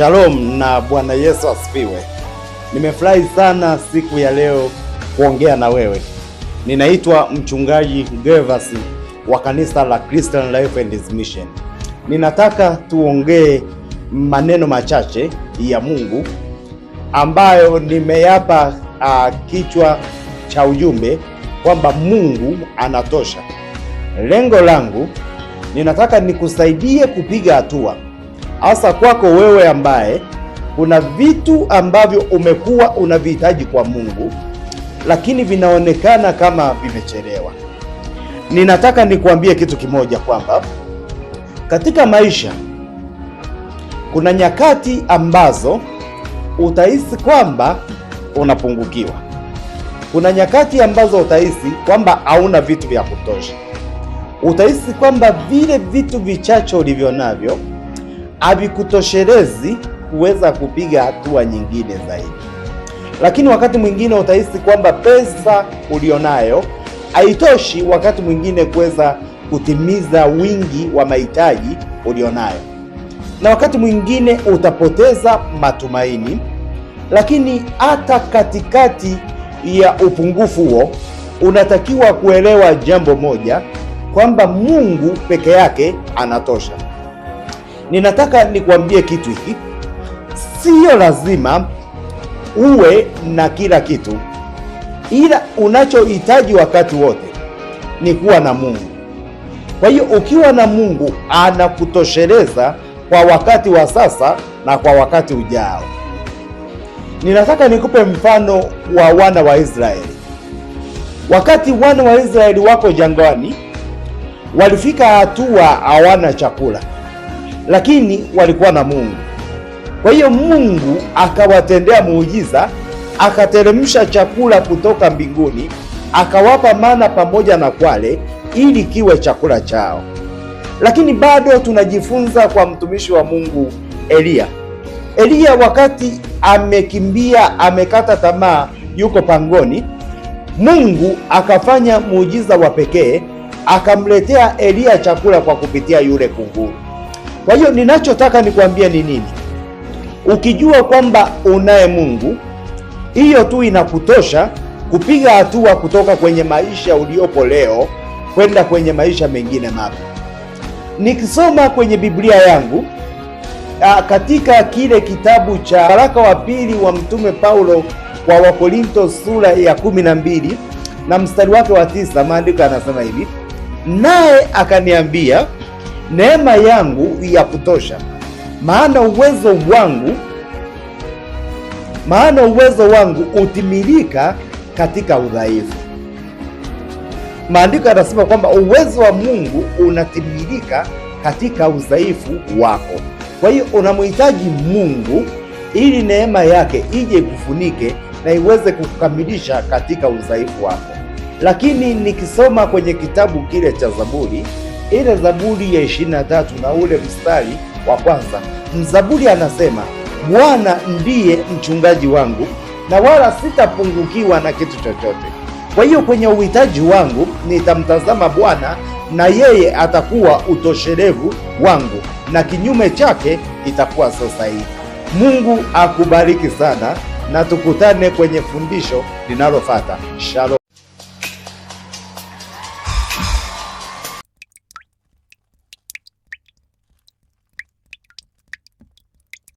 Shalom na Bwana Yesu asifiwe. Nimefurahi sana siku ya leo kuongea na wewe. Ninaitwa Mchungaji Gervas wa kanisa la Christian Life and His Mission. Ninataka tuongee maneno machache ya Mungu ambayo nimeyapa uh, kichwa cha ujumbe kwamba Mungu anatosha. Lengo langu ninataka nikusaidie kupiga hatua hasa kwako wewe ambaye kuna vitu ambavyo umekuwa unavihitaji kwa Mungu, lakini vinaonekana kama vimechelewa. Ninataka nikuambie kitu kimoja kwamba katika maisha kuna nyakati ambazo utahisi kwamba unapungukiwa. Kuna nyakati ambazo utahisi kwamba hauna vitu vya kutosha, utahisi kwamba vile vitu vichache ulivyo navyo havikutoshelezi kuweza kupiga hatua nyingine zaidi. Lakini wakati mwingine utahisi kwamba pesa ulionayo haitoshi, wakati mwingine kuweza kutimiza wingi wa mahitaji ulionayo, na wakati mwingine utapoteza matumaini. Lakini hata katikati ya upungufu huo unatakiwa kuelewa jambo moja, kwamba Mungu peke yake anatosha ninataka nikuambie kitu hiki, siyo lazima uwe na kila kitu, ila unachohitaji wakati wote ni kuwa na Mungu. Kwa hiyo ukiwa na Mungu anakutosheleza kwa wakati wa sasa na kwa wakati ujao. Ninataka nikupe mfano wa wana wa Israeli. Wakati wana wa Israeli wako jangwani, walifika hatua hawana chakula lakini walikuwa na Mungu. Kwa hiyo Mungu akawatendea muujiza, akateremsha chakula kutoka mbinguni, akawapa mana pamoja na kwale ili kiwe chakula chao. Lakini bado tunajifunza kwa mtumishi wa Mungu Eliya. Eliya wakati amekimbia, amekata tamaa, yuko pangoni, Mungu akafanya muujiza wa pekee, akamletea Eliya chakula kwa kupitia yule kunguru. Kwa hiyo ninachotaka nikuambia ni nini? Ukijua kwamba unaye Mungu, hiyo tu inakutosha kupiga hatua kutoka kwenye maisha uliopo leo kwenda kwenye maisha mengine mapya. Nikisoma kwenye Biblia yangu ah, katika kile kitabu cha waraka wa pili wa Mtume Paulo kwa Wakorinto sura ya kumi na mbili na mstari wake wa tisa, maandiko yanasema hivi: naye akaniambia neema yangu ya kutosha, maana uwezo wangu maana uwezo wangu utimilika katika udhaifu. Maandiko yanasema kwamba uwezo wa Mungu unatimilika katika udhaifu wako. Kwa hiyo unamhitaji Mungu ili neema yake ije ikufunike na iweze kukamilisha katika udhaifu wako. Lakini nikisoma kwenye kitabu kile cha Zaburi ile Zaburi ya ishirini na tatu na ule mstari wa kwanza, mzaburi anasema Bwana ndiye mchungaji wangu na wala sitapungukiwa na kitu chochote. Kwa hiyo kwenye uhitaji wangu nitamtazama Bwana na yeye atakuwa utoshelevu wangu, na kinyume chake itakuwa sasa hivi. Mungu akubariki sana, na tukutane kwenye fundisho linalofuata. Shalom.